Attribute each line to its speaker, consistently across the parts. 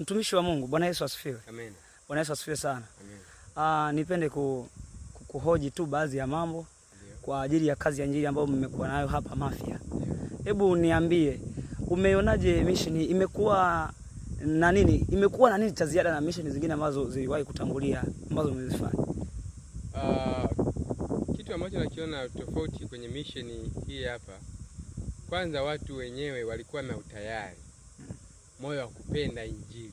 Speaker 1: Mtumishi wa Mungu, Bwana Yesu asifiwe. Amen. Bwana Yesu asifiwe sana. Amen. Aa, ah, nipende ku, ku, kuhoji tu baadhi ya mambo Amen, kwa ajili ya kazi ya injili ambayo mmekuwa nayo hapa Mafia. Hebu niambie umeonaje misheni imekuwa na nini, imekuwa na nini cha ziada na misheni zingine ambazo ziliwahi kutangulia ambazo mmezifanya?
Speaker 2: Uh, kitu ambacho nakiona tofauti kwenye misheni hii hapa, kwanza watu wenyewe walikuwa na utayari moyo wa kupenda Injili.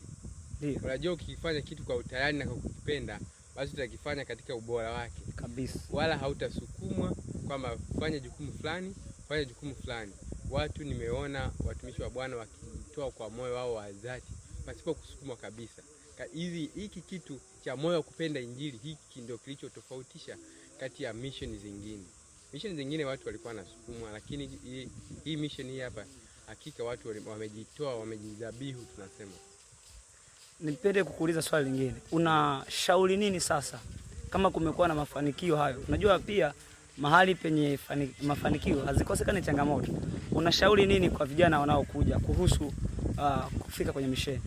Speaker 2: Unajua ukifanya kitu kwa utayari na kwa kukipenda, basi utakifanya katika ubora wake kabisa, wala hautasukumwa kwamba fanya jukumu fulani, fanya jukumu fulani. Watu nimeona watumishi wa Bwana wakitoa kwa moyo wao wa dhati pasipo kusukumwa kabisa. Hizi hiki kitu cha moyo wa kupenda Injili, hiki ndio kilichotofautisha kati ya misheni zingine. Misheni zingine watu walikuwa wanasukumwa, lakini hii misheni hii hapa hakika watu wamejitoa, wamejidhabihu tunasema.
Speaker 1: Nipende kukuuliza swali lingine, unashauri nini sasa kama kumekuwa na mafanikio hayo? Unajua pia mahali penye mafanikio hazikosekani changamoto. Unashauri nini kwa vijana wanaokuja kuhusu uh, kufika kwenye misheni?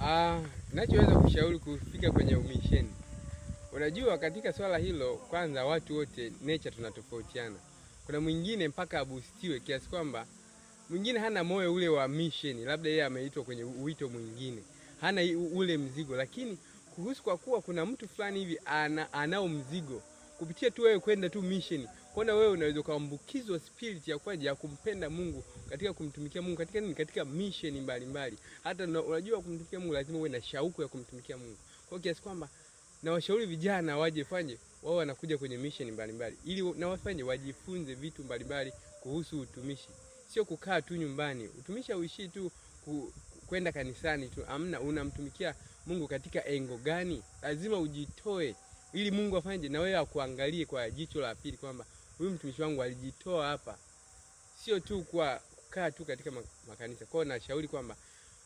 Speaker 2: Ah, nachoweza kushauri kufika kwenye misheni, unajua katika swala hilo, kwanza watu wote nature tunatofautiana. Kuna mwingine mpaka abustiwe kiasi kwamba mwingine hana moyo ule wa mission, labda yeye ameitwa kwenye wito mwingine, hana ule mzigo, lakini kuhusu kwa kuwa kuna mtu fulani hivi ana, anao mzigo kupitia tu wewe kwenda tu mission, kwaona wewe unaweza ukaambukizwa spirit ya kwa ya kumpenda Mungu katika kumtumikia Mungu katika nini, katika mission mbalimbali. Hata unajua kumtumikia Mungu lazima uwe na shauku ya kumtumikia Mungu, kwa kiasi kwamba na washauri vijana waje fanye wao wanakuja kwenye mission mbalimbali, ili na wafanye wajifunze vitu mbalimbali kuhusu utumishi sio kukaa tu nyumbani. Utumishi hauishii tu kwenda kanisani tu, amna. Unamtumikia Mungu katika engo gani? Lazima ujitoe ili Mungu afanye na wewe, akuangalie kwa jicho la pili kwamba huyu mtumishi wangu alijitoa hapa, sio tu kwa kukaa tu katika makanisa. Kwao nashauri kwamba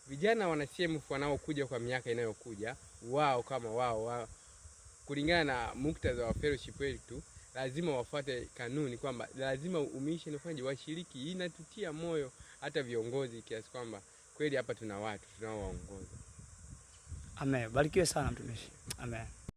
Speaker 2: vijana wana CMF wanaokuja kwa miaka inayokuja, wao kama wao wao, kulingana na muktadha wa fellowship wetu lazima wafuate kanuni kwamba lazima umishe nifanyaje, washiriki. Hii inatutia moyo hata viongozi kiasi kwamba kweli hapa tuna watu tunaowaongoza.
Speaker 1: Amen, barikiwe sana mtumishi. Amen.